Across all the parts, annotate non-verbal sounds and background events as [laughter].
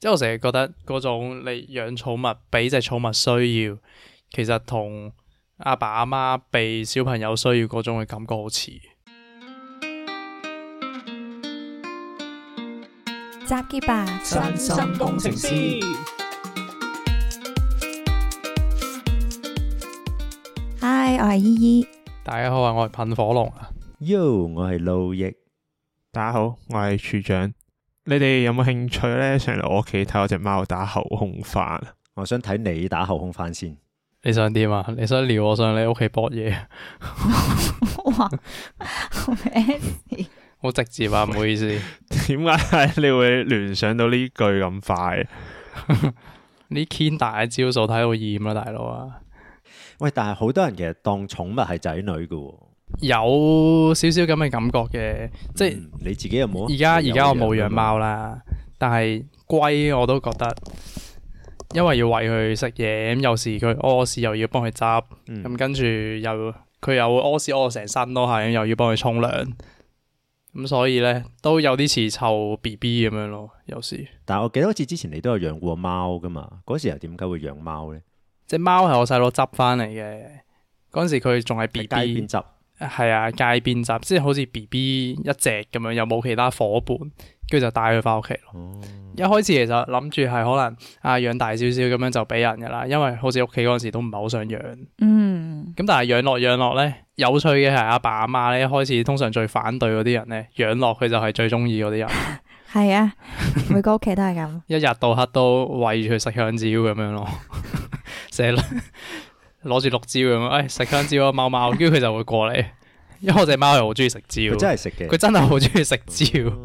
即係我成日覺得嗰種你養寵物畀隻寵物需要，其實同阿爸阿媽俾小朋友需要嗰種嘅感覺好似。扎結吧，身心工程師。嗨，我係依依。大家好啊，我係噴火龍啊。Yo，我係路易。大家好，我係處長。你哋有冇興趣咧？上嚟我屋企睇我隻貓打後空翻，我想睇你打後空翻先。你想點啊？你想撩我上你屋企博嘢？好 [laughs] [laughs] [laughs] 直接啊，唔好意思。點解 [laughs] 你會聯想到呢句咁快？呢 [laughs] [laughs] Kinder 招數睇到厭啦，大佬啊！喂，但係好多人其實當寵物係仔女噶。.有少少咁嘅感覺嘅，即係你自己又冇？而家而家我冇養貓啦， [noise] 但係龜我都覺得，因為要餵佢食嘢，咁有時佢屙屎又要幫佢執，咁跟住又佢又屙屎屙到成身都係，又要幫佢沖涼，咁所以咧都有啲似湊 B B 咁樣咯。有時，但係我記得好似之前你都有養過貓噶嘛？嗰時候點解會養貓咧？隻貓係我細佬執翻嚟嘅，嗰時佢仲係 B B 係啊，街邊執，即係好似 B B 一隻咁樣，又冇其他伙伴，跟住就帶佢翻屋企咯。嗯、一開始其實諗住係可能啊養大少少咁樣就俾人噶啦，因為好似屋企嗰陣時都唔係好想養。嗯。咁但係養落養落咧，有趣嘅係阿爸阿媽咧，一開始通常最反對嗰啲人咧，養落佢就係最中意嗰啲人。係 [laughs] [laughs] 啊，每個屋企都係咁。 [laughs] 一日到黑都喂住佢食香蕉咁樣咯，死啦！攞住綠蕉咁，誒食香蕉啊，貓貓，跟住佢就會過嚟，因為我隻貓又好中意食蕉，佢真係食嘅，佢真係好中意食蕉，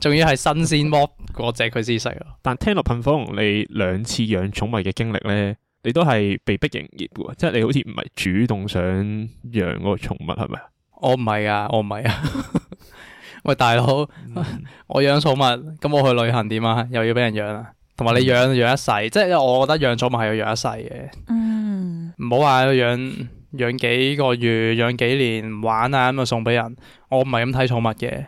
仲要係新鮮剝，嗰隻佢先食。但聽落噴風，你兩次養寵物嘅經歷呢，你都係被逼營業，即係你好似唔係主動想養個寵物，係咪啊？我唔係啊，我唔係啊。喂，大佬，我養寵物，咁我去旅行點啊？又要俾人養啊？同埋你養養一世，即係我覺得養寵物係要養一世嘅。唔好話養養幾個月，養幾年玩啊，咁就送俾人，我唔係咁睇寵物嘅。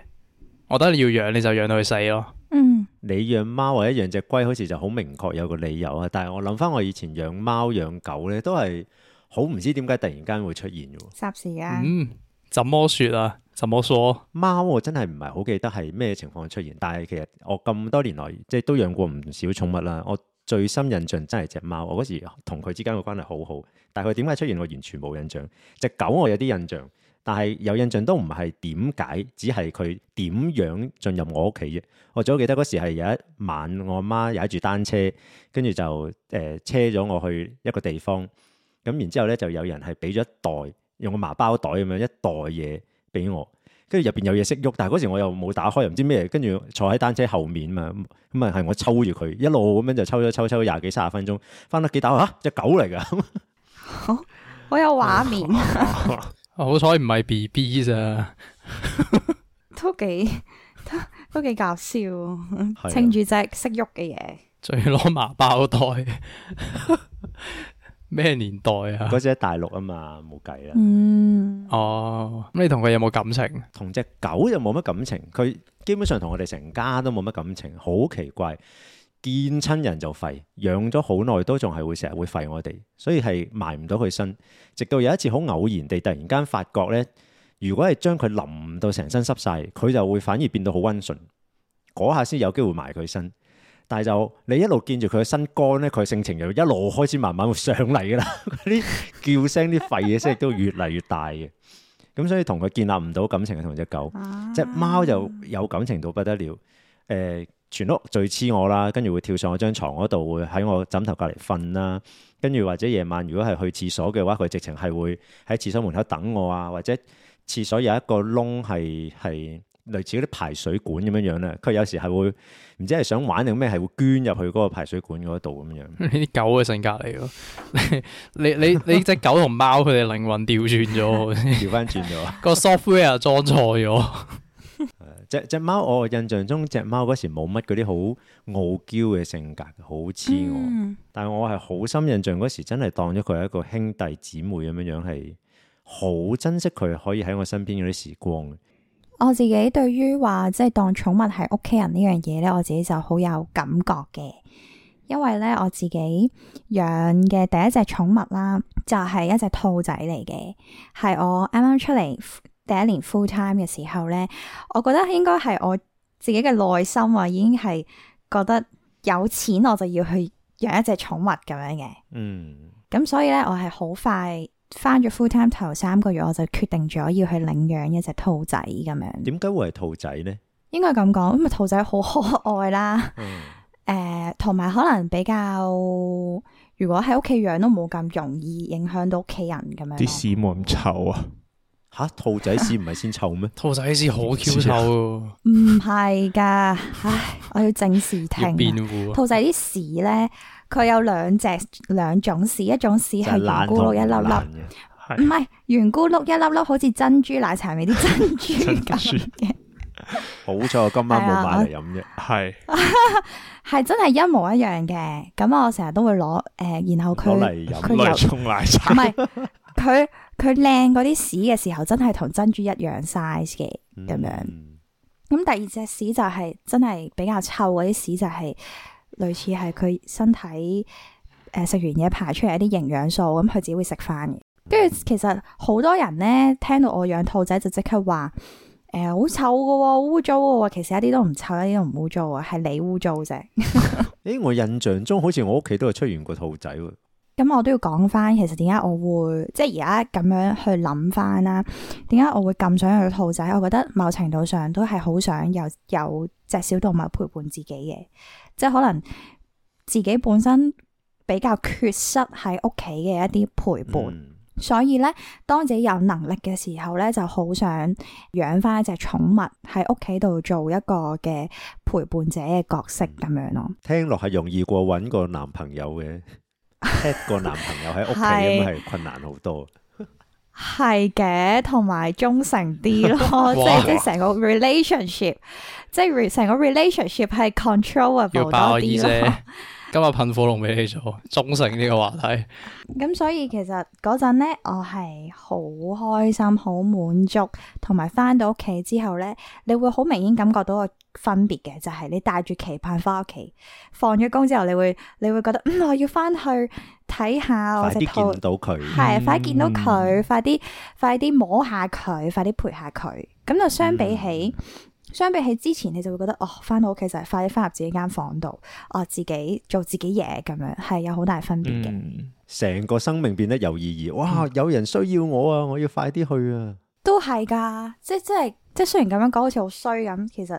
我覺得你要養你就養到佢死咯。嗯，你養貓或者養隻龜，好似就好明確有個理由啊。但係我諗翻我以前養貓養狗咧，都係好唔知點解突然間會出現嘅。霎時間，嗯，怎麼說啊？怎麼說啊？貓我真係唔係好記得係咩情況出現，但係其實我咁多年來即係、就是、都養過唔少寵物啦，我。最深印象真係隻貓，我嗰時同佢之間嘅關係好好，但係佢點解出現我完全冇印象。隻狗我有啲印象，但係有印象都唔係點解，只係佢點樣進入我屋企啫。我最好記得嗰時係有一晚我阿媽踩住單車，跟住就誒、呃、車咗我去一個地方，咁然之後咧就有人係俾咗一袋用一個麻包袋咁樣一袋嘢俾我。跟住入邊有嘢識喐，但係嗰時我又冇打開，又唔知咩，跟住坐喺單車後面嘛，咁啊係我抽住佢一路咁樣就抽咗抽咗抽廿幾卅分鐘，翻得幾打啊？隻狗嚟噶，好 [laughs] 、哦，我有畫面， [laughs] 好彩唔係 B B 咋， [laughs] [laughs] 都幾都都幾搞笑，稱住隻識喐嘅嘢，最攞是的 [laughs] 麻包袋。 [laughs] 咩年代啊？嗰隻喺大陸啊嘛，冇計啦。嗯，哦，咁你同佢有冇感情？同隻狗又冇乜感情，佢基本上同我哋成家都冇乜感情，好奇怪，見親人就吠，養咗好耐都仲係會成日會吠我哋，所以係埋唔到佢身。直到有一次好偶然地，突然間發覺咧，如果係將佢淋到成身濕晒，佢就會反而變到好溫順。嗰下先有機會埋佢身。但係就你一路見住佢嘅身肝咧，佢性情就一路開始慢慢會上嚟噶啦，嗰啲 [laughs] [laughs] 叫聲啲吠嘢聲亦都越嚟越大嘅。咁所以同佢建立唔到感情嘅同隻狗，隻貓、啊、就有感情到不得了。誒、呃，全屋最黐我啦，跟住會跳上我張床嗰度，會喺我枕頭隔離瞓啦。跟住或者夜晚如果係去廁所嘅話，佢直情係會喺廁所門口等我啊，或者廁所有一個窿係。係。類似嗰啲排水管咁樣樣咧，佢有時係會唔知係想玩定咩，係會捐入去嗰個排水管嗰度咁樣。呢啲狗嘅性格嚟咯 [laughs] [laughs] 你你你隻狗同貓佢哋靈魂調轉咗，調翻轉咗。 [laughs] 個 software 又裝錯咗。隻隻貓我印象中隻貓嗰時冇乜嗰啲好傲嬌嘅性格，好黐我。嗯、但係我係好深印象嗰時，真係當咗佢係一個兄弟姊妹咁樣樣，係好珍惜佢可以喺我身邊嗰啲時光。我自己對於話即係當寵物係屋企人呢樣嘢咧，我自己就好有感覺嘅，因為咧我自己養嘅第一隻寵物啦，就係一隻兔仔嚟嘅，係我啱啱出嚟第一年 full time 嘅時候咧，我覺得應該係我自己嘅內心啊，已經係覺得有錢我就要去養一隻寵物咁樣嘅，嗯，咁所以咧我係好快。翻咗 full time 頭三個月，我就決定咗要去領養一隻兔仔咁樣。點解會係兔仔呢？應該咁講，因為兔仔好可愛啦。誒、嗯，同埋、呃、可能比較，如果喺屋企養都冇咁容易影響，影響到屋企人咁樣。啲屎冇咁臭啊？吓、啊，兔仔屎唔係先臭咩？ [laughs] 兔仔屎好 Q 臭，啊。唔係噶， [laughs] 唉，我要正視聽。啊、兔仔啲屎呢。佢有兩隻兩種屎，一種屎係圓咕碌一粒粒，唔係圓咕碌一粒粒，好似珍珠奶茶味啲珍珠嘅。好彩我今晚冇買嚟飲啫，係係我 [laughs] 真係一模一樣嘅。咁我成日都會攞誒、呃，然後佢來又沖奶茶。唔係，佢靚嗰啲屎嘅時候，真係同珍珠一樣 size 嘅咁樣。咁第二隻屎就係、是、真係比較臭嗰啲屎就係、是。類似係佢身體誒食、呃、完嘢排出嚟一啲營養素，咁佢自己會食翻嘅。跟住，其實好多人呢，聽到我養兔仔就即刻話誒好臭噶、哦，好污糟噶。其實一啲都唔臭，一啲都唔污糟啊，係你污糟啫。誒、 [laughs] 欸，我印象中好似我屋企都係出現過兔仔。咁、嗯、我都要講翻，其實點解我會即係而家咁樣去諗翻啦？點解我會咁想養兔仔？我覺得某程度上都係好想有有隻小動物陪伴自己嘅。即係可能自己本身比較缺失喺屋企嘅一啲陪伴，嗯、所以咧，當自己有能力嘅時候咧，就好想養翻一隻寵物喺屋企度做一個嘅陪伴者嘅角色咁樣咯。聽落係容易過搵個男朋友嘅，搵個 [laughs] [laughs] 男朋友喺屋企咁係困難好多。係嘅，同埋忠誠啲咯，哇 即係 [laughs] 即係成個 relationship，即係成個 relationship 係 controllable 多啲。 [laughs] 今日噴火龍俾你做，忠誠呢個話題。咁 [laughs] [laughs] 所以其實嗰陣咧，我係好開心、好滿足，同埋翻到屋企之後咧，你會好明顯感覺到我。分別嘅就係你帶住期盼翻屋企，放咗工之後你會你會覺得我要翻去睇下，快啲見到佢，係快啲見到佢，快啲快啲摸下佢，快啲陪下佢。咁就相比起，相比起之前，你就會覺得哦，翻到屋企就係快啲翻入自己間房度，我自己做自己嘢咁樣，係有好大分別嘅。成個生命變得有意義。哇！有人需要我啊，我要快啲去啊。都係㗎，即係即係即係，雖然咁樣講，好似好衰咁，其實。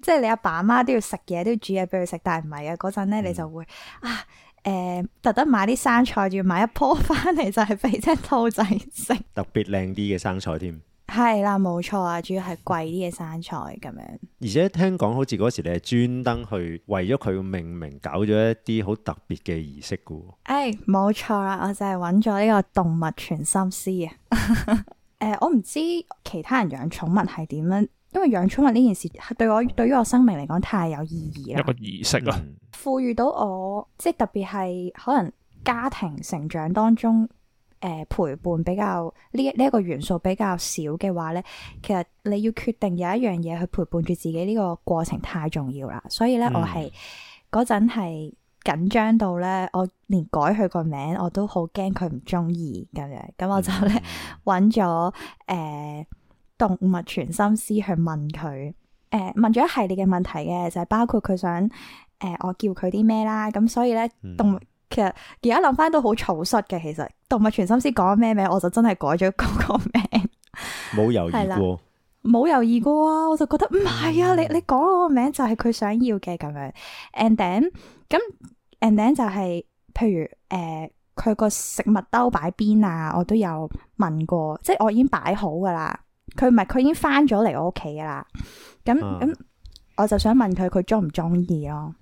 即係你阿爸阿媽都要食嘢，都要煮嘢俾佢食，但係唔係啊。嗰陣咧，你就會、嗯、啊，誒、呃，特登買啲生菜，仲要買一棵翻嚟，就係俾隻兔仔食，特別靚啲嘅生菜添。係啦， [laughs] 冇錯啊，主要係貴啲嘅生菜咁樣。而且聽講好似嗰時你係專登去為咗佢嘅命名搞，搞咗一啲好特別嘅儀式噶。誒，冇錯啊，我就係揾咗呢個動物傳心師啊。誒、 [laughs] 呃，我唔知其他人養寵物係點樣。因為養寵物呢件事係對我對於我生命嚟講太有意義啦，一個儀式啊，賦予到我即係特別係可能家庭成長當中誒、呃、陪伴比較呢呢一個元素比較少嘅話咧，其實你要決定有一樣嘢去陪伴住自己呢個過程太重要啦，所以咧我係嗰陣係緊張到咧，我連改佢個名我都好驚佢唔中意咁樣，咁我就咧揾咗誒。嗯動物傳心師去問佢，誒、呃、問咗一系列嘅問題嘅，就係、是、包括佢想誒、呃、我叫佢啲咩啦。咁所以咧、嗯、動物其實而家諗翻都好草率嘅。其實動物傳心師講咩名，我就真係改咗嗰個名，冇猶豫過，冇猶豫過啊！我就覺得唔係啊，嗯、你你講嗰個名就係佢想要嘅咁樣。And then 咁 And then 就係、是、譬如誒佢個食物兜擺邊啊，我都有問過，即係我已經擺好噶啦。佢唔係佢已經翻咗嚟我屋企啦，咁咁，我就想問佢佢中唔中意咯，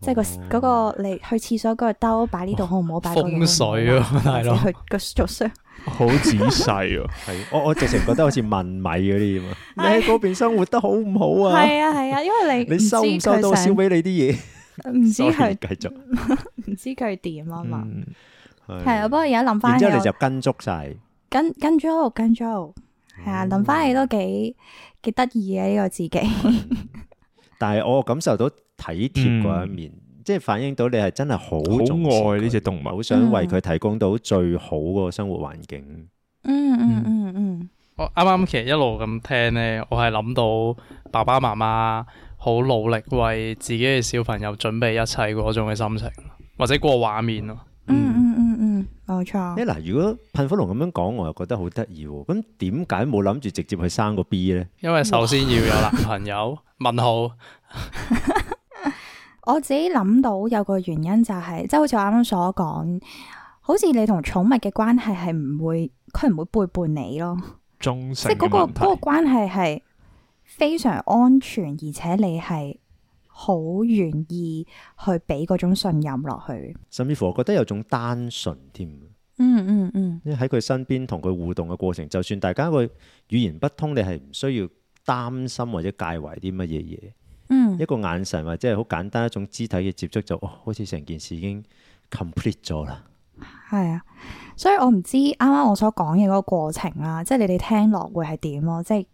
即係個嗰個你去廁所嗰個兜擺呢度好唔好？風水咯，係咯，佢個做相好仔細啊。係我我直情覺得好似問米嗰啲咁啊，你喺嗰邊生活得好唔好啊？係啊，係啊，因為你你收唔收到我燒俾你啲嘢？唔知佢繼續，唔知佢點啊嘛？係啊，不過而家諗翻，之後你就跟足晒，跟跟足跟足。係啊，諗翻、嗯、起都幾幾得意嘅呢個自己。 [laughs] 嗯、但係我感受到體貼嗰一面，嗯、即係反映到你係真係好愛呢隻動物，好、嗯、想為佢提供到最好個生活環境。嗯嗯嗯嗯，嗯嗯嗯嗯我啱啱其實一路咁聽呢，我係諗到爸爸媽媽好努力為自己嘅小朋友準備一切嗰種嘅心情，或者個畫面咯。嗯嗯嗯嗯，冇錯。誒嗱，如果噴火龍咁樣講，我又覺得好得意。咁點解冇諗住直接去生個 B 咧？因為首先要有男朋友。問號。我自己諗到有個原因就係、是，即係好似我啱啱所講，好似你同寵物嘅關係係唔會，佢唔會背叛你咯。忠。即係、那、嗰個嗰、那個關係係非常安全，而且你係。好願意去俾嗰種信任落去，甚至乎我覺得有種單純添、嗯。嗯嗯嗯，因為喺佢身邊同佢互動嘅過程，就算大家個語言不通，你係唔需要擔心或者介懷啲乜嘢嘢。嗯、一個眼神或者係好簡單一種肢體嘅接觸，就哦，好似成件事已經 complete 咗啦。係啊，所以我唔知啱啱我所講嘅嗰個過程啊，即係你哋聽落會係點咯，即係。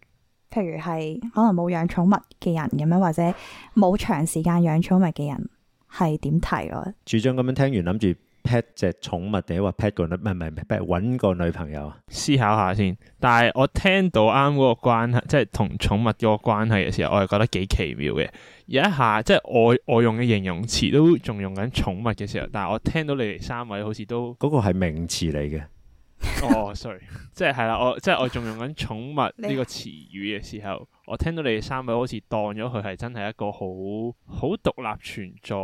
譬如係可能冇養寵物嘅人咁樣，或者冇長時間養寵物嘅人係點睇咯？主張咁樣聽完，諗住 pet 隻寵物定係話 pet 個女，唔係唔係 pet 揾個女朋友啊？思考下先。但係我聽到啱嗰個關係，即係同寵物嗰個關係嘅時候，我係覺得幾奇妙嘅。有一下即係我我用嘅形容詞都仲用緊寵物嘅時候，但係我聽到你哋三位好似都嗰個係名詞嚟嘅。哦、 [laughs] oh，sorry，即係係啦，我即係我仲用緊寵物呢個詞語嘅時候，我聽到你哋三位好似當咗佢係真係一個好好獨立存在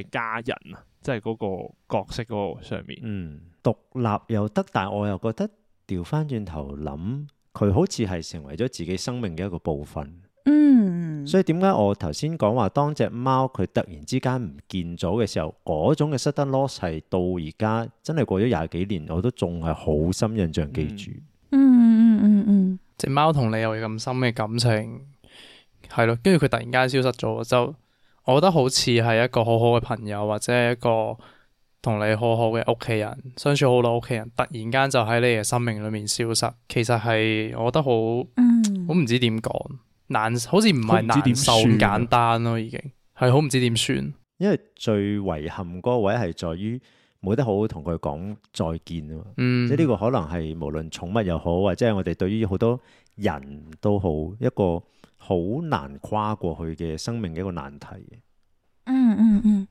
嘅家人啊，即係嗰個角色嗰上面，嗯，獨立又得，但係我又覺得調翻轉頭諗，佢好似係成為咗自己生命嘅一個部分。嗯， [noise] 所以點解我頭先講話當隻貓佢突然之間唔見咗嘅時候，嗰種嘅 sudden loss 係到而家真係過咗廿幾年，我都仲係好深印象記住。 [noise] 嗯嗯，隻貓同你有咁深嘅感情，係咯，跟住佢突然間消失咗，就我覺得好似係一個好好嘅朋友或者一個同你好好嘅屋企人相處，好多屋企人突然間就喺你嘅生命裏面消失，其實係我覺得好，好唔知點講。嗯難好似唔係難受算，唔簡單咯。已經係好唔知點算，因為最遺憾嗰位係在於冇得好好同佢講再見啊。嗯、即係呢個可能係無論寵物又好，或者係我哋對於好多人都好一個好難跨過去嘅生命嘅一個難題。嗯嗯嗯，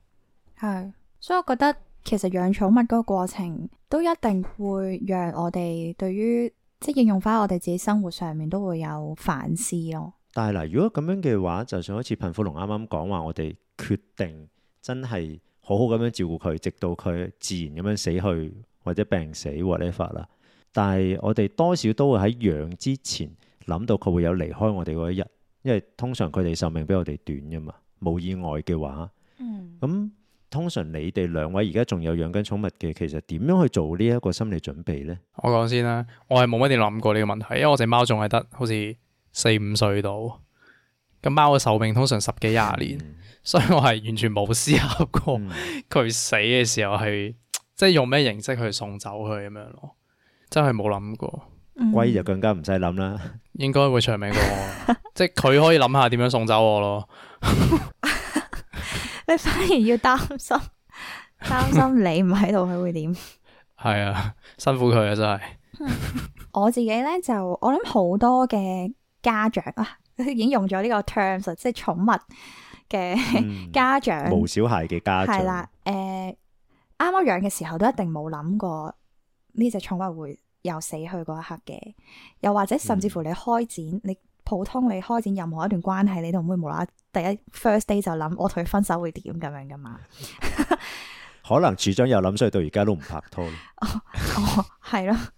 係、嗯嗯，所以我覺得其實養寵物嗰個過程都一定會讓我哋對於即係應用翻，我哋自己生活上面都會有反思咯。但係嗱，如果咁樣嘅話，就算好似貧富龍啱啱講話，我哋決定真係好好咁樣照顧佢，直到佢自然咁樣死去或者病死或呢一法啦。但係我哋多少都會喺養之前諗到佢會有離開我哋嗰一日，因為通常佢哋壽命比我哋短㗎嘛。冇意外嘅話，咁、嗯、通常你哋兩位而家仲有養緊寵物嘅，其實點樣去做呢一個心理準備呢？我講先啦、啊，我係冇乜點諗過呢個問題，因為我隻貓仲係得，好似。四五歲到，咁貓嘅壽命通常十幾廿年，嗯、所以我係完全冇思考過佢、嗯、死嘅時候係，即係用咩形式去送走佢咁樣咯，真係冇諗過。龜就更加唔使諗啦，應該會長命過我， [laughs] 即係佢可以諗下點樣送走我咯。 [laughs] [laughs] 你反而要擔心，擔心你唔喺度佢會點？係啊，辛苦佢啊，真係。 [laughs] 我自己咧就我諗好多嘅。 [laughs] 家長啊，已經用咗呢個 terms，即係寵物嘅家長，嗯、無小孩嘅家長係啦。誒，啱啱養嘅時候都一定冇諗過呢隻寵物會有死去嗰一刻嘅。又或者甚至乎你開展，嗯、你普通你開展任何一段關係，你都唔會無啦啦第一 first day 就諗我同佢分手會點咁樣噶嘛？ [laughs] 可能始終有諗，所以到而家都唔拍拖 [laughs] 哦。哦，係、哦、咯。 [laughs] [laughs]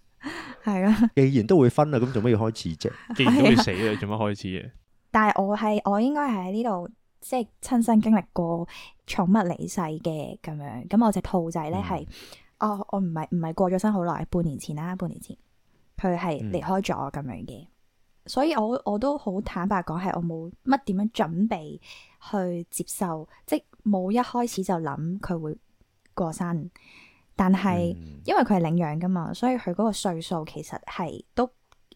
係啦，啊、既然都會分啦，咁做乜要開始啫？啊、既然都會死啦，做乜開始嘅，啊？但係我係我應該係喺呢度，即係親身經歷過寵物離世嘅咁樣。咁我隻兔仔咧係，我我唔係唔係過咗身好耐，半年前啦，半年前佢係離開咗咁樣嘅。嗯、所以我我都好坦白講，係我冇乜點樣準備去接受，即係冇一開始就諗佢會過身。但係，嗯、因為佢係領養噶嘛，所以佢嗰個歲數其實係都誒、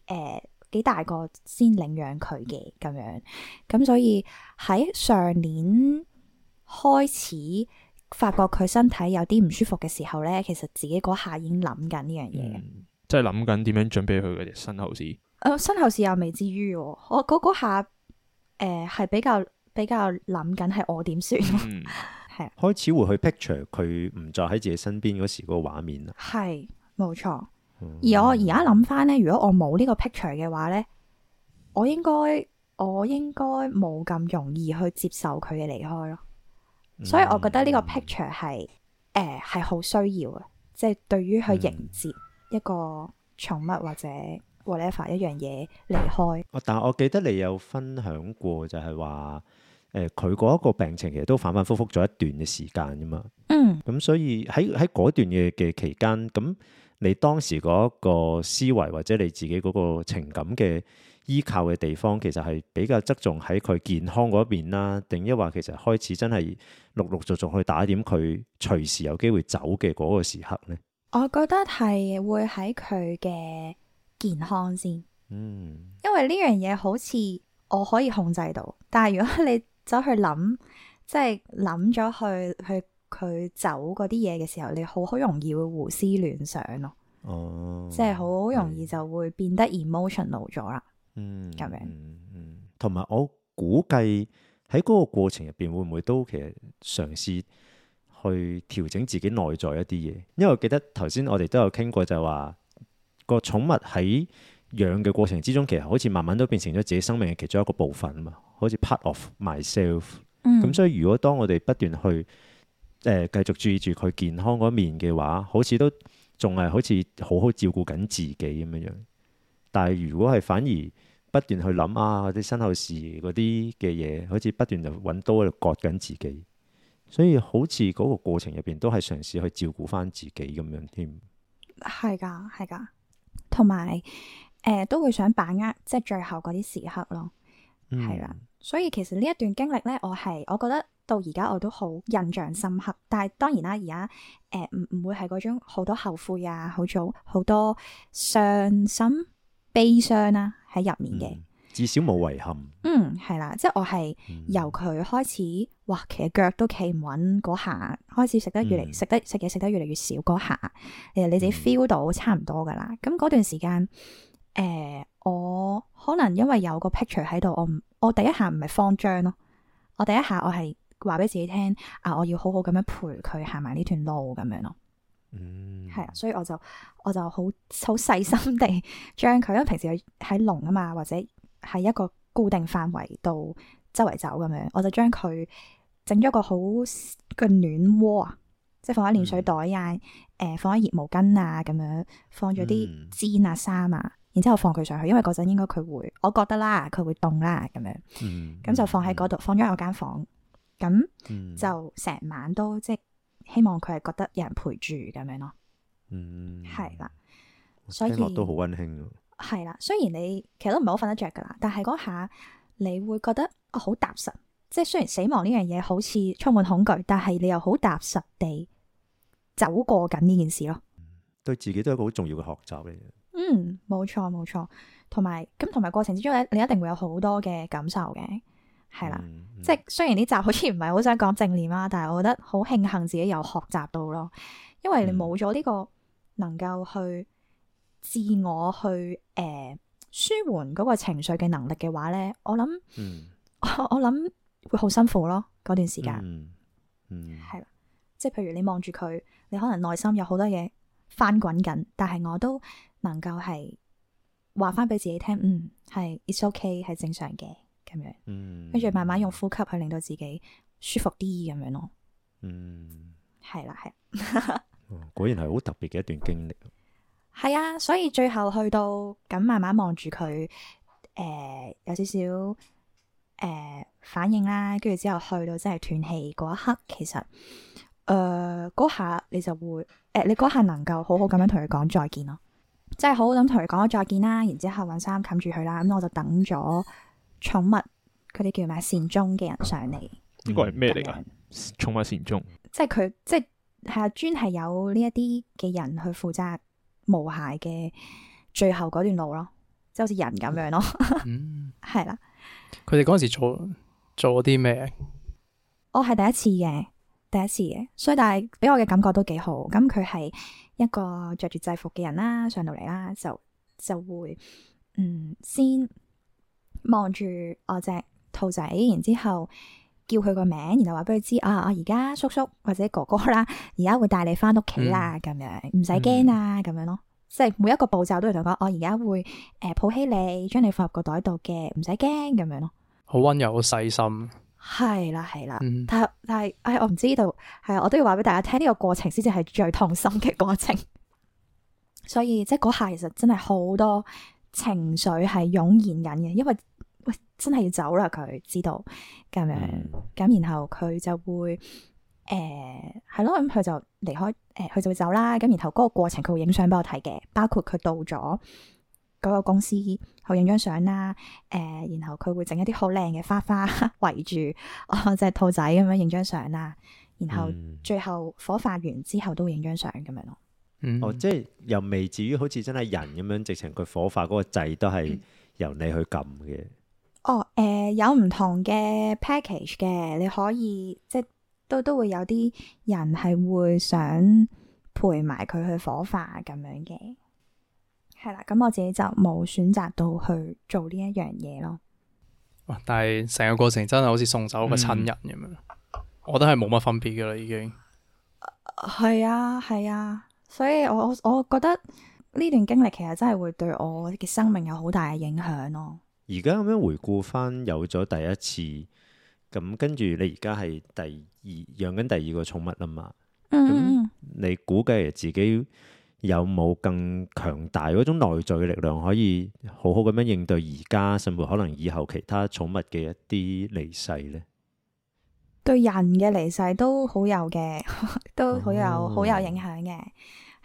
呃、幾大個先領養佢嘅咁樣。咁所以喺上年開始發覺佢身體有啲唔舒服嘅時候咧，其實自己嗰下已經諗緊呢樣嘢，即係諗緊點樣準備佢嘅身後事。誒、哦，身後事又未至於、哦，我嗰下誒係、呃，比較比較諗緊係我點算。嗯係，開始會去 picture 佢唔再喺自己身邊嗰時嗰個畫面啦。係，冇錯。而我而家諗翻呢，如果我冇呢個 picture 嘅話呢，我應該我應該冇咁容易去接受佢嘅離開咯。所以我覺得呢個 picture 係誒係好需要嘅，即係對於去迎接一個寵物或者 whatever 一樣嘢離開。嗯哦、但係我記得你有分享過，就係話。誒佢嗰一個病情其實都反反覆覆咗一段嘅時間㗎嘛，嗯，咁、嗯、所以喺喺嗰段嘅嘅期間，咁你當時嗰個思維或者你自己嗰個情感嘅依靠嘅地方，其實係比較側重喺佢健康嗰邊啦，定一話其實開始真係陸陸續續去打點佢隨時有機會走嘅嗰個時刻咧？我覺得係會喺佢嘅健康先，嗯，因為呢樣嘢好似我可以控制到，但係如果你走去諗，即係諗咗去去佢走嗰啲嘢嘅時候，你好好容易會胡思亂想咯、啊。哦，即係好容易就會變得 emotional 咗啦、嗯樣嗯。嗯，咁樣。嗯，同埋我估計喺嗰個過程入邊，會唔會都其實嘗試去調整自己內在一啲嘢？因為我記得頭先我哋都有傾過就，就、係、話個寵物喺。養嘅過程之中，其實好似慢慢都變成咗自己生命嘅其中一個部分啊嘛，好似 part of myself。咁、嗯、所以如果當我哋不斷去誒呃、繼續注意住佢健康嗰一面嘅話，好似都仲係好似好好照顧緊自己咁樣樣。但係如果係反而不斷去諗啊或者身後事嗰啲嘅嘢，好似不斷就揾刀喺度割緊自己，所以好似嗰個過程入邊都係嘗試去照顧翻自己咁樣添。係㗎係㗎，同埋。誒、呃，都會想把握，即係最後嗰啲時刻咯，係啦、嗯啊。所以其實呢一段經歷咧，我係我覺得到而家我都好印象深刻。但係當然啦，而家誒唔唔會係嗰種好多後悔啊，好早好多傷心悲傷啦喺入面嘅、嗯。至少冇遺憾。嗯，係啦、啊，即係我係由佢開始，哇，其實腳都企唔穩嗰下，開始食得越嚟食、嗯、得食嘢食得越嚟越少嗰下，其、呃、實你自己 feel 到差唔多噶啦。咁、嗯、嗰段時間。誒、呃，我可能因為有個 picture 喺度，我唔我第一下唔係慌張咯，我第一下我係話俾自己聽啊，我要好好咁樣陪佢行埋呢段路咁樣咯，係、嗯、啊，所以我就我就好好細心地將佢，因為平時佢喺籠啊嘛，或者喺一個固定範圍度周圍走咁樣，我就將佢整咗一個好個暖窩啊，即係放喺暖水袋啊，誒、嗯呃、放喺熱毛巾啊，咁樣放咗啲氈啊、衫啊。衫啊衫啊然之後放佢上去，因為嗰陣應該佢會，我覺得啦，佢會凍啦，咁樣，咁就、嗯、放喺嗰度，放咗有間房，咁、嗯、就成晚都即係希望佢係覺得有人陪住咁樣咯，係啦、嗯，所以都好溫馨。係啦，雖然你其實都唔係好瞓得着噶啦，但係嗰下你會覺得啊好踏實，即係雖然死亡呢樣嘢好似充滿恐懼，但係你又好踏實地走過緊呢件事咯、嗯。對自己都係一個好重要嘅學習嚟嘅。嗯，冇錯冇錯，同埋咁同埋過程之中咧，你一定會有好多嘅感受嘅，係啦。嗯嗯、即係雖然呢集好似唔係好想講正念啦，但係我覺得好慶幸自己有學習到咯。因為你冇咗呢個能夠去自我去誒、呃、舒緩嗰個情緒嘅能力嘅話咧，我諗、嗯、 [laughs] 我諗會好辛苦咯。嗰段時間係啦，即係譬如你望住佢，你可能內心有好多嘢翻滾緊，但係我都。能夠係話翻俾自己聽，嗯，係，it's okay，係正常嘅咁樣，嗯，跟住慢慢用呼吸去令到自己舒服啲咁樣咯，嗯，係啦、啊，係、啊， [laughs] 果然係好特別嘅一段經歷，係 [laughs] 啊，所以最後去到咁慢慢望住佢，誒、呃，有少少誒、呃、反應啦，跟住之後去到真係斷氣嗰一刻，其實誒嗰下你就會誒、呃，你嗰下能夠好好咁樣同佢講再見咯。嗯。即係好好咁同佢講咗再見啦，然之後揾衫冚住佢啦，咁我就等咗寵物，佢哋叫咩善終嘅人上嚟。呢個係咩嚟噶？寵樣物善終，即係佢，即係係啊，專係有呢一啲嘅人去負責毛孩嘅最後嗰段路咯，即係好似人咁樣咯。嗯，係 [laughs] 啦。佢哋嗰陣時做做咗啲咩？我係第一次嘅，第一次嘅，所以但係俾我嘅感覺都幾好。咁佢係。一個着住制服嘅人啦，上到嚟啦，就就會嗯先望住我隻兔仔，然之後叫佢個名，然後話俾佢知啊，我而家叔叔或者哥哥啦，而家會帶你翻屋企啦，咁樣，嗯，唔使驚啊，嗯，咁樣咯，即係每一個步驟都要同佢講，我而家會誒、呃、抱起你，將你放入個袋度嘅，唔使驚咁樣咯，好溫柔，好細心。係啦，係啦，但係但係，唉、哎、我唔知道，係啊，我都要話俾大家聽呢、這個過程先至係最痛心嘅過程， [laughs] 所以即係嗰刻其實真係好多情緒係湧現緊嘅，因為喂真係要走啦，佢知道咁樣，咁、嗯、然後佢就會誒係咯，咁佢就離開誒佢、呃、就會走啦，咁然後嗰個過程佢會影相俾我睇嘅，包括佢到咗。嗰個公司去影張相啦，誒、呃，然後佢會整一啲好靚嘅花花圍住隻兔仔咁樣影張相啦，然後最後火化完之後都影張相咁樣咯。哦，即係又未至於好似真係人咁樣，直情佢火化嗰個掣都係由你去撳嘅。哦，誒，有唔同嘅 package 嘅，你可以即係都都會有啲人係會想陪埋佢去火化咁樣嘅。係啦，咁、嗯、我自己就冇選擇到去做呢一樣嘢咯。但係成個過程真係好似送走個親人咁樣，嗯、我都係冇乜分別噶啦，已經。係啊，係啊，啊，所以我我覺得呢段經歷其實真係會對我嘅生命有好大嘅影響咯、啊。而家咁樣回顧翻，有咗第一次，咁跟住你而家係第二養緊第二個寵物吖嘛。嗯，嗯。你估計自己，有冇更強大嗰種內在嘅力量，可以好好咁樣應對而家甚至可能以後其他寵物嘅一啲離世咧？對人嘅離世都好有嘅，都好有好、哦、有影響嘅。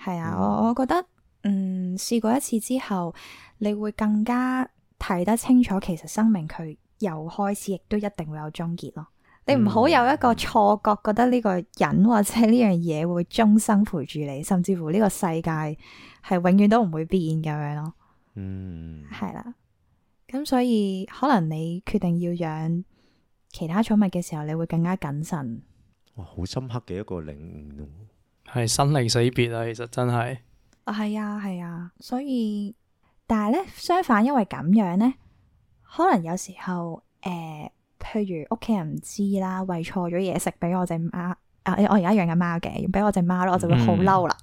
係啊，我、哦、我覺得，嗯，試過一次之後，你會更加睇得清楚，其實生命佢由開始，亦都一定會有終結咯。你唔好有一個錯覺，覺得呢個人或者呢樣嘢會終生陪住你，甚至乎呢個世界係永遠都唔會變咁樣咯。嗯，係啦。咁所以可能你決定要養其他寵物嘅時候，你會更加謹慎。哇，好深刻嘅一個領悟，係生離死別啊！其實真係，係啊，係啊。所以，但係咧相反，因為咁樣咧，可能有時候誒。欸譬如屋企人唔知啦，餵錯咗嘢食，俾我隻貓，啊，我而家養緊貓嘅，俾我隻貓咧，我就會好嬲啦，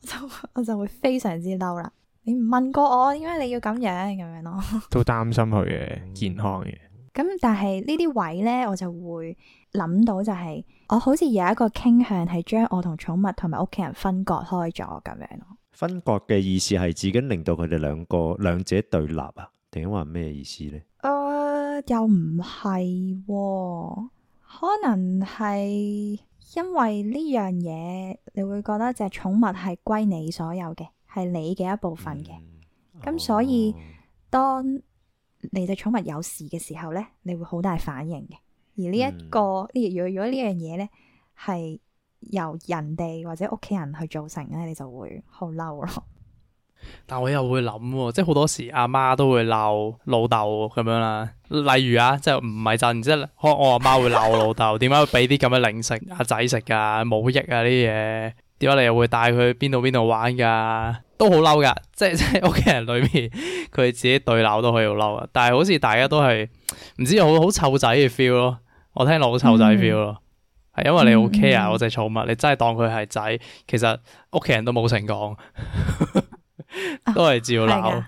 就、嗯、 [laughs] 我就會非常之嬲啦。你唔問過我，點解你要咁樣咁樣咯？ [laughs] 都擔心佢嘅健康嘅。咁 [laughs] 但係呢啲位呢，我就會諗到就係、是，我好似有一個傾向係將我同寵物同埋屋企人分割開咗咁樣咯。分割嘅意思係，至緊令到佢哋兩個兩者對立啊？定話咩意思呢？Uh, 又唔係、哦，可能係因為呢樣嘢，你會覺得隻寵物係歸你所有嘅，係你嘅一部分嘅。咁、嗯、所以，哦、當你隻寵物有事嘅時候咧，你會好大反應嘅。而呢一個，呢、嗯、如果呢樣嘢咧係由人哋或者屋企人去造成咧，你就會好嬲咯。但我又會諗、哦，即係好多時阿媽，媽都會鬧老豆咁、哦、樣啦、啊。例如啊，即係唔係真，即係我我阿媽會鬧我老豆，點解 [laughs] 會俾啲咁嘅零食阿仔食噶，冇、啊、益啊呢啲嘢，點解你又會帶佢去邊度邊度玩噶、啊，都好嬲噶，即係即係屋企人裏面佢自己對鬧都可以好嬲啊。但係好似大家都係唔知好好湊仔嘅 feel 咯，我聽落好湊仔 feel 咯，係、嗯、因為你 care、啊嗯、我隻寵物，你真係當佢係仔，其實屋企人都冇成講。 [laughs] 都係照鬧、哦，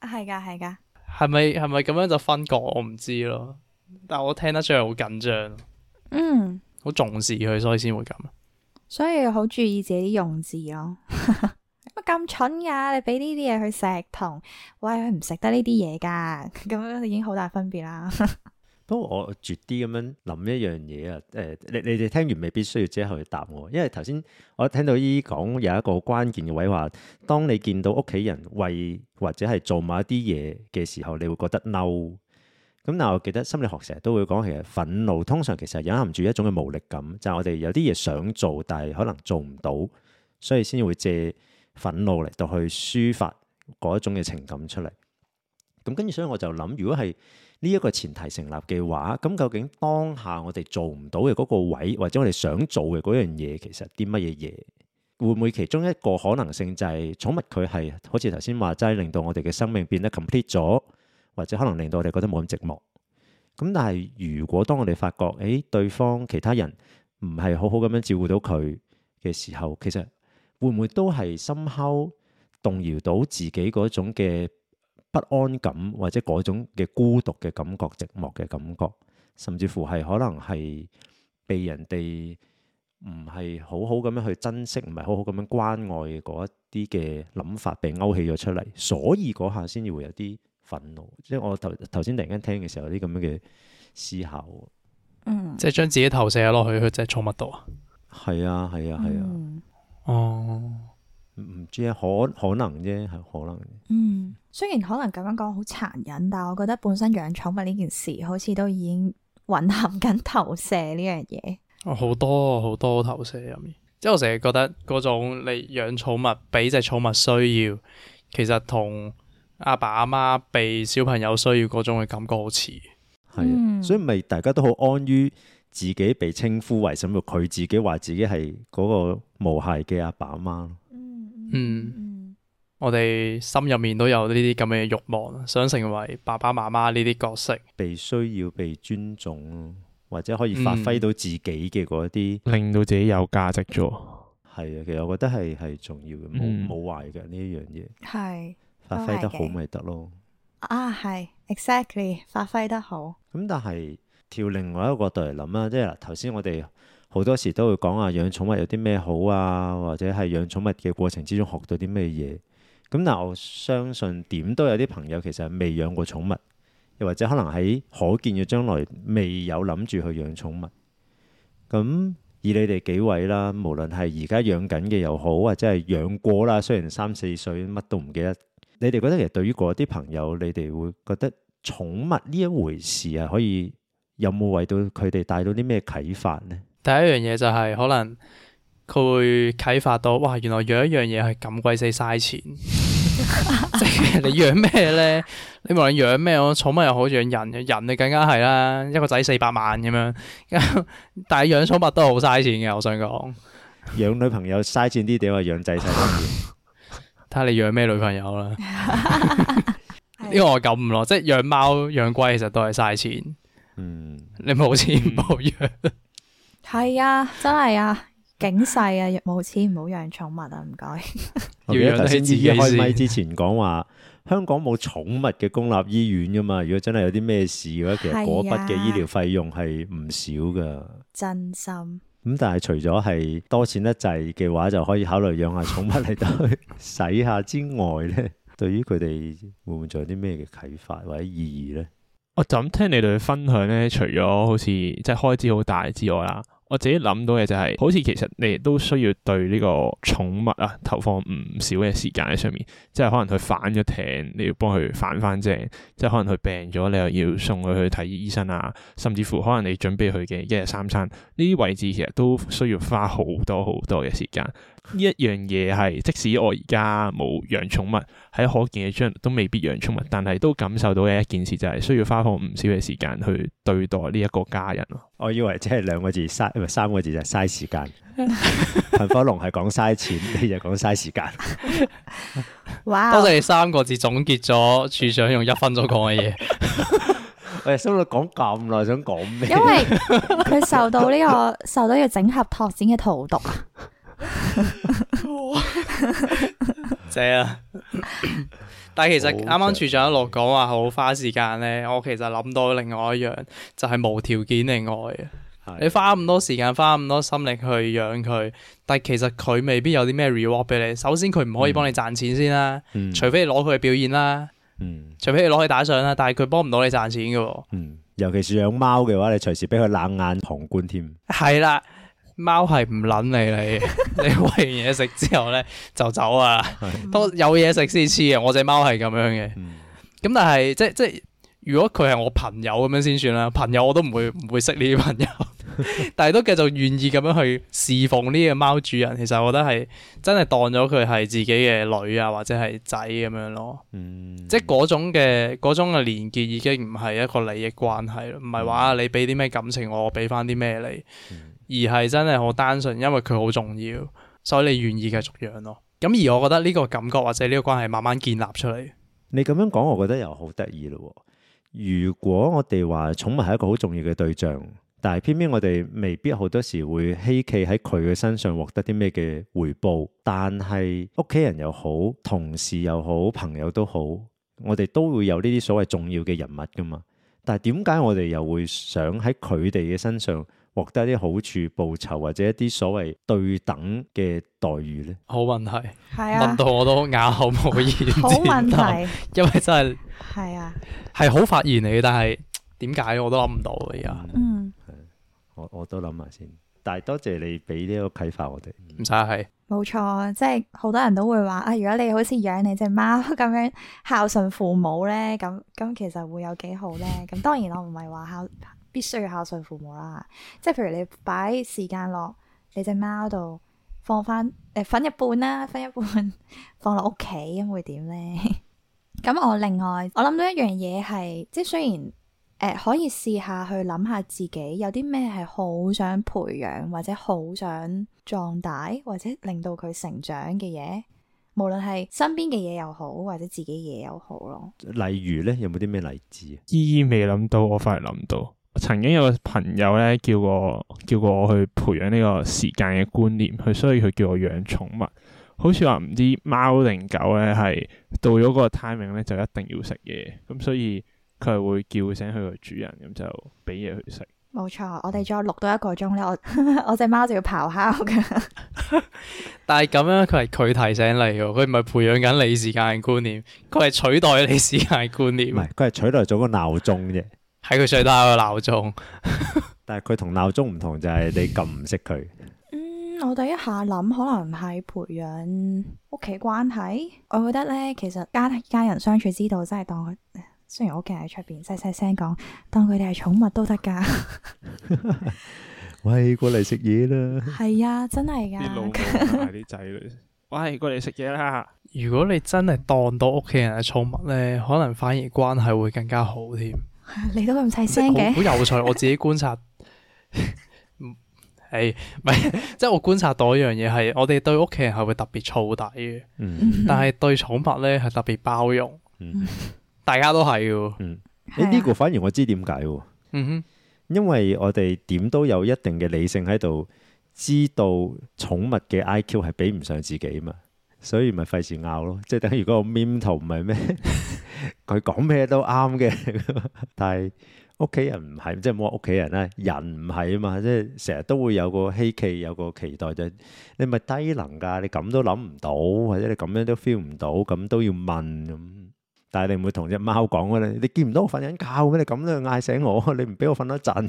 係噶係噶係咪係咪咁樣就分隔？我唔知咯，但我聽得出嚟，好緊張，嗯，好重視佢，所以先會咁，所以好注意自己啲用字咯、哦。乜 [laughs] 咁蠢噶？你俾呢啲嘢去食同，喂，佢唔食得呢啲嘢噶咁樣已經好大分別啦。 [laughs] 都我絕啲咁樣諗一樣嘢啊！誒，你你哋聽完未必需要即刻去答我，因為頭先我聽到依依講有一個關鍵嘅位，話當你見到屋企人餵或者係做某一啲嘢嘅時候，你會覺得嬲。咁但係我記得心理學成日都會講，其實憤怒通常其實隱含住一種嘅無力感，就係我哋有啲嘢想做，但係可能做唔到，所以先會借憤怒嚟到去抒發嗰一種嘅情感出嚟。咁跟住所以我就諗，如果係...呢一個前提成立嘅話，咁究竟當下我哋做唔到嘅嗰個位，或者我哋想做嘅嗰樣嘢，其實啲乜嘢嘢？會唔會其中一個可能性就係、是、寵物佢係好似頭先話，即係令到我哋嘅生命變得 complete 咗，或者可能令到我哋覺得冇咁寂寞。咁但係如果當我哋發覺，誒、哎、對方其他人唔係好好咁樣照顧到佢嘅時候，其實會唔會都係深刻動搖到自己嗰種嘅不安感或者嗰種嘅孤獨嘅感覺、寂寞嘅感覺，甚至乎係可能係被人哋唔係好好咁樣去珍惜、唔係好好咁樣關愛嘅嗰一啲嘅諗法被勾起咗出嚟，所以嗰下先至會有啲憤怒。即係我頭頭先突然間聽嘅時候，有啲咁樣嘅思考，嗯，即係將自己投射落去，佢即係寵物度啊，係啊，係啊，係啊、嗯，哦。唔知啊，可可能啫，係可能。嗯，雖然可能咁樣講好殘忍，但係我覺得本身養寵物呢件事，好似都已經蘊含緊投射呢樣嘢。哦，好多好多投射入面，即係我成日覺得嗰種你養寵物俾隻寵物需要，其實同阿爸阿媽俾小朋友需要嗰種嘅感覺好似係，所以咪大家都好安於自己被稱呼為什麼，佢自己話自己係嗰個無害嘅阿爸阿媽。嗯，嗯，我哋心入面都有呢啲咁嘅慾望，想成為爸爸媽媽呢啲角色，被需要、被尊重，或者可以發揮到自己嘅嗰一啲，令到自己有價值咗。係啊、嗯，其實我覺得係係重要嘅，冇冇壞嘅呢樣嘢。係發揮得好咪得咯？啊，係，exactly，發揮得好。咁但係，調另外一個角度嚟諗啦，即係嗱，頭先我哋。好多時都會講啊，養寵物有啲咩好啊，或者係養寵物嘅過程之中學到啲咩嘢咁。但我相信點都有啲朋友其實未養過寵物，又或者可能喺可見嘅將來未有諗住去養寵物。咁，嗯，以你哋幾位啦，無論係而家養緊嘅又好，或者係養過啦，雖然三四歲乜都唔記得，你哋覺得其實對於嗰啲朋友，你哋會覺得寵物呢一回事啊，可以有冇為到佢哋帶到啲咩啟發呢？第一樣嘢就係可能佢會啟發到，哇！原來養一樣嘢係咁鬼死嘥錢，即係你養咩咧？你無論養咩，我寵物又好，養人，人你更加係啦，一個仔四百萬咁樣。但係養寵物都係好嘥錢嘅，我想講。養女朋友嘥錢啲定係養仔細啲？睇下你養咩女朋友啦。因為我咁咯，即係養貓、養龜，其實都係嘥錢。嗯，你冇錢唔好養。係啊，真係啊，警世啊，冇錢唔好養寵物啊，唔該。 [laughs] 要養先自己 [laughs] 開咪之前講話，香港冇寵物嘅公立醫院噶嘛如果真係有啲咩事嘅話，其實嗰筆嘅醫療費用係唔少噶、啊。真心。咁，嗯、但係除咗係多錢得滯嘅話，就可以考慮養下寵物嚟到去洗下之外咧， [laughs] 對於佢哋會唔會仲有啲咩嘅啟發或者意義咧？我就咁聽你哋嘅分享咧，除咗好似即係開支好大之外啦。 [laughs] 我自己諗到嘅就係，好似其實你都需要對呢個寵物啊，投放唔少嘅時間喺上面，即係可能佢反咗艇，你要幫佢反翻正，即係可能佢病咗，你又要送佢去睇醫生啊，甚至乎可能你準備佢嘅一日三餐，呢啲位置其實都需要花好多好多嘅時間。呢一樣嘢係，即使我而家冇養寵物，喺可見嘅將來都未必養寵物，但係都感受到嘅一件事就係需要花放唔少嘅時間去對待呢一個家人咯。我以為即係兩個字，嘥，三個字就係嘥時間。彭科龍係講嘥錢，你就講嘥時間。哇！Wow. 多謝你三個字總結咗處長用一分鐘講嘅嘢。喂，收你講咁耐，想講咩？因為佢受到呢、這個受到要整合拓展嘅荼毒。謝啊 [laughs] 的 [coughs] ，但係其實啱啱處長一落講話好花時間呢。我其實諗到另外一樣就係、是、無條件嘅愛啊。是的 你花咁多時間，花咁多心力去養佢，但係其實佢未必有啲咩 reward 俾你。首先佢唔可以幫你賺錢先啦、啊，嗯、除非你攞佢去表演啦、啊，嗯、除非你攞佢打賞啦、啊，但係佢幫唔到你賺錢噶、啊嗯。尤其是養貓嘅話，你隨時俾佢冷眼旁觀添。係啦。貓係唔捻理你， [laughs] 你你餵完嘢食之後咧就走啊，都是 [laughs] 有嘢食先黐。啊我隻貓係咁樣嘅，咁、嗯、但係即即係如果佢係我朋友咁樣先算啦。朋友我都唔會唔會識呢啲朋友， [laughs] 但係都繼續願意咁樣去侍奉呢個貓主人。其實我覺得係真係當咗佢係自己嘅女啊，或者係仔咁樣咯。嗯、即係嗰種嘅嗰種嘅連結已經唔係一個利益關係咯，唔係話你俾啲咩感情我，我俾翻啲咩你。嗯而係真係好單純，因為佢好重要，所以你願意繼續養咯。咁而我覺得呢個感覺或者呢個關係慢慢建立出嚟。你咁樣講，我覺得又好得意咯。如果我哋話寵物係一個好重要嘅對象，但係偏偏我哋未必好多時會希冀喺佢嘅身上獲得啲咩嘅回報。但係屋企人又好，同事又好，朋友都好，我哋都會有呢啲所謂重要嘅人物㗎嘛。但係點解我哋又會想喺佢哋嘅身上？獲得一啲好處報酬或者一啲所謂對等嘅待遇咧、 [laughs] 啊？好問題，係啊，問到我都啞口無言。好問題，因為真係係啊，係好發言你，嘅，但係點解我都諗唔到啊！而家嗯，我我都諗下先，但係多謝你俾呢個啟發我哋。唔使、嗯，係冇錯，即係好多人都會話啊！如果你好似養你隻貓咁樣孝順父母咧，咁咁其實會有幾好咧？咁當然我唔係話孝。 [laughs] 必須要孝順父母啦，即係譬如你擺時間落你隻貓度放翻誒、呃、分一半啦，分一半放落屋企咁會點呢？咁、 [laughs] 嗯、我另外我諗到一樣嘢係，即係雖然誒、呃、可以試下去諗下自己有啲咩係好想培養或者好想壯大或者令到佢成長嘅嘢，無論係身邊嘅嘢又好，或者自己嘢又好咯。例如呢，有冇啲咩例子啊？依依未諗到，我反而諗唔到。曾經有個朋友咧，叫過叫過我去培養呢個時間嘅觀念，佢所以佢叫我養寵物，好似話唔知貓定狗咧，係到咗嗰個 timing 咧就一定要食嘢，咁所以佢會叫醒佢個主人，咁就俾嘢佢食。冇錯，我哋再錄多一個鐘咧，我 [laughs] 我隻貓就要咆哮嘅。 [laughs] 但係咁樣，佢係佢提醒你喎，佢唔係培養緊你時間嘅觀念，佢係取代你時間嘅觀念，唔係佢係取代咗個鬧鐘啫。 [laughs] 喺佢最大嘅鬧鐘， [laughs] 但係佢同鬧鐘唔同，就係、是、你咁唔識佢。嗯，我第一下諗，可能係培養屋企關係。我覺得咧，其實家家人相處之道，真係當佢，雖然屋企人喺出邊細細聲講，當佢哋係寵物都得噶。 [laughs] [laughs] 喂，過嚟食嘢啦！係 [laughs] 啊，真係噶、啊。啲仔喂，過嚟食嘢啦！如果你真係當到屋企人係寵物咧，可能反而關係會更加好添。你都咁細聲嘅，好有趣。我自己觀察，係， [laughs] [laughs] 唔係，即係我觀察到一樣嘢係，我哋對屋企人係會特別燥底嘅，嗯哼，但係對寵物咧係特別包容，嗯、哼大家都係嘅，嗯，誒呢、這個反而我知點解，嗯哼，因為我哋點都有一定嘅理性喺度，知道寵物嘅 I Q 係比唔上自己嘛。所以咪費事拗咯，即係等於嗰個面頭唔係咩，佢講咩都啱嘅。但係屋企人唔係，即係冇屋企人咧，人唔係啊嘛，即係成日都會有個希冀，有個期待，就係你咪低能㗎，你咁都諗唔到，或者你咁樣都 feel 唔到，咁都要問咁。但係你唔會同隻貓講㗎，你見唔到我瞓緊覺咩？你咁樣嗌醒我，你唔俾我瞓一陣。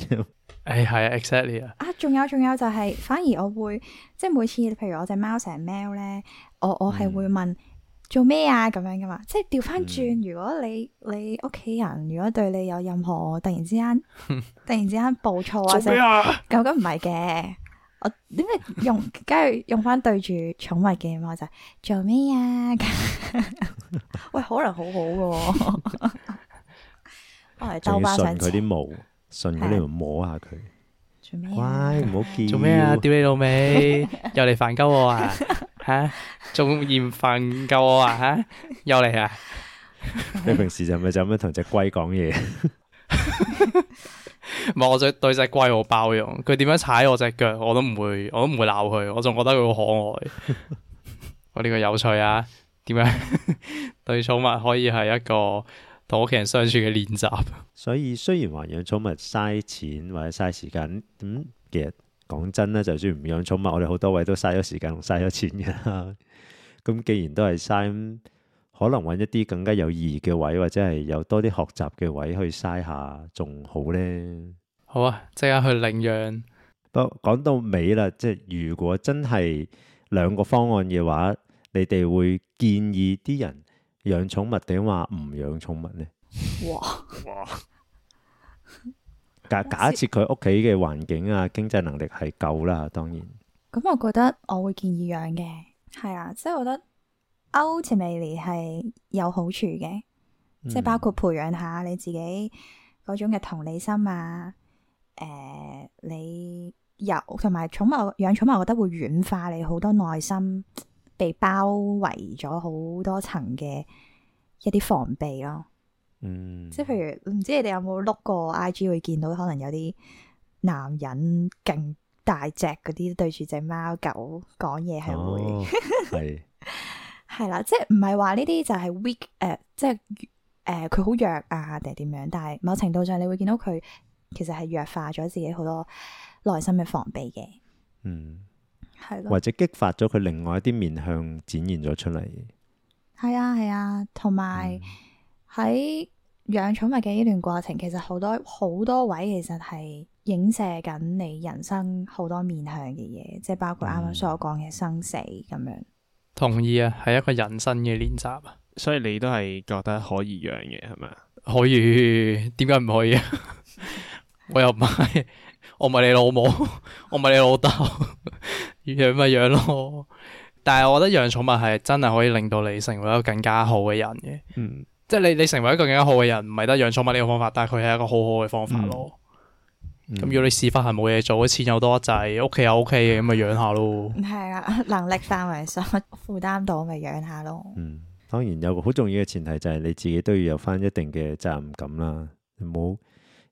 誒係啊，exactly 啊。啊，仲有仲有就係、係，反而我會即係每次，譬如我隻貓成日喵咧。我我係會問做咩啊咁樣噶嘛，即係調翻轉，如果你你屋企人如果對你有任何突然之間 [laughs] 突然之間暴躁啊，樣就做咩啊？咁咁唔係嘅，我點解用？梗係用翻對住寵物嘅貓仔，做咩啊？喂，可能好好噶，我嚟，兜逗下佢啲毛，順佢啲毛，摸下佢。乖，唔好叫。做咩啊？屌你老味， [laughs] 又嚟煩鳩我啊？吓、啊，仲嫌煩鳩我啊？吓、啊，又嚟啊？ [laughs] 你平時就咪就咁樣同隻龜講嘢。唔係 [laughs] [laughs] 我對對隻龜好包容，佢點樣踩我隻腳，我都唔會，我都唔會鬧佢，我仲覺得佢好可愛。 [laughs] [laughs] 我呢個有趣啊？點樣對寵物可以係一個？同屋企人相處嘅練習。所以雖然話養寵物嘥錢或者嘥時間，咁、嗯、其實講真咧，就算唔養寵物，我哋好多位都嘥咗時間同嘥咗錢嘅啦。咁、 [laughs] 嗯、既然都係嘥，可能揾一啲更加有意義嘅位，或者係有多啲學習嘅位去嘥下，仲好咧。好啊，即刻去領養。不，講到尾啦，即係如果真係兩個方案嘅話，你哋會建議啲人養寵物，點解話唔養寵物呢？哇 [laughs] 假假設佢屋企嘅環境啊，經濟能力係夠啦，當然。咁我覺得我會建議養嘅，係啦、啊，即、就、係、是、我覺得，ultimately 係有好處嘅，即係、嗯、包括培養下你自己嗰種嘅同理心啊，誒、呃，你有同埋寵物養寵物，養寵物我覺得會軟化你好多內心。被包圍咗好多層嘅一啲防備咯，嗯，即係譬如唔知你哋有冇碌過 IG 會見到可能有啲男人勁大隻嗰啲對住隻貓狗講嘢，係會係係啦，即係唔係話呢啲就係 weak，誒，即係誒佢好弱啊定係點樣？但係某程度上你會見到佢其實係弱化咗自己好多內心嘅防備嘅，嗯。 [noise] 或者激發咗佢另外一啲面向展現咗出嚟，係啊係啊，同埋喺養寵物嘅呢段過程，其實好多好多位其實係影射緊你人生好多面向嘅嘢，即係包括啱啱所講嘅生死咁樣。嗯、同意啊，係一個人生嘅練習啊，所以你都係覺得可以養嘅係咪啊？可以，點解唔可以啊？ [laughs] 我又唔係，我唔係你老母， [laughs] 我唔係你老豆。 [laughs] 養咪養咯，但係我覺得養寵物係真係可以令到你成為一個更加好嘅人嘅，嗯、即係你你成為一個更加好嘅人唔係得養寵物呢個方法，但係佢係一個好好嘅方法咯。咁、嗯嗯、如果你事發係冇嘢做，啲錢又多得滯，屋企又 OK 嘅，咁咪養下咯。係啊，能力範圍所負擔到咪養下咯。嗯，當然有個好重要嘅前提就係你自己都要有翻一定嘅責任感啦，唔好。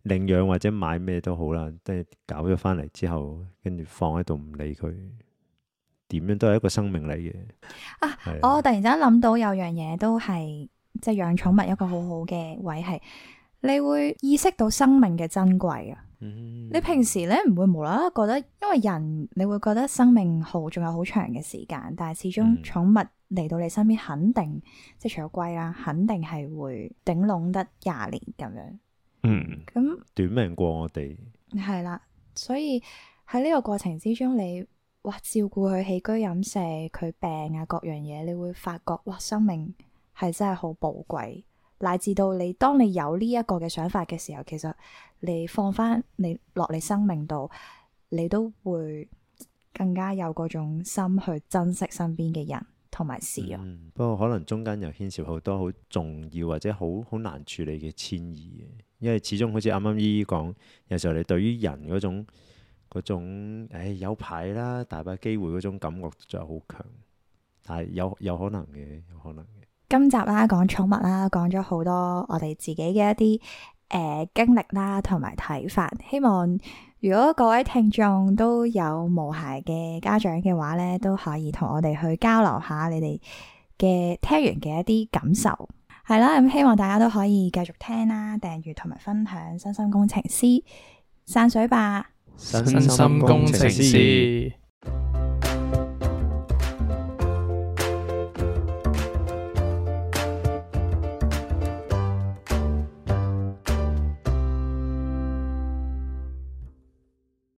領養或者買咩都好啦，即係搞咗返嚟之後，跟住放喺度唔理佢，點樣都係一個生命嚟嘅。啊，的我突然之間諗到有樣嘢都係，即係養寵物一個好好嘅位，係你會意識到生命嘅珍貴啊。嗯、你平時咧唔會無啦啦覺得，因為人你會覺得生命好，仲有好長嘅時間，但係始終寵物嚟到你身邊、嗯，肯定即係除咗龜啦，肯定係會頂籠得廿年咁樣。嗯，咁那短命過我哋係啦，所以喺呢個過程之中，你哇照顧佢起居飲食，佢病啊各樣嘢，你會發覺哇生命係真係好寶貴，乃至到你當你有呢一個嘅想法嘅時候，其實你放翻你落你生命度，你都會更加有嗰種心去珍惜身邊嘅人同埋事咯，嗯。不過可能中間又牽涉好多好重要或者好好難處理嘅遷移嘅。因為始終好似啱啱姨姨講，有時候你對於人嗰種嗰種，誒、哎、有排啦，大把機會嗰種感覺就好強，但係有有可能嘅，有可能嘅。能今集啦，講寵物啦，講咗好多我哋自己嘅一啲誒、呃、經歷啦，同埋睇法。希望如果各位聽眾都有毛孩嘅家長嘅話咧，都可以同我哋去交流下你哋嘅聽完嘅一啲感受。係啦，咁希望大家都可以繼續聽啦、訂閱同埋分享《身心工程師散水吧》身心工程師。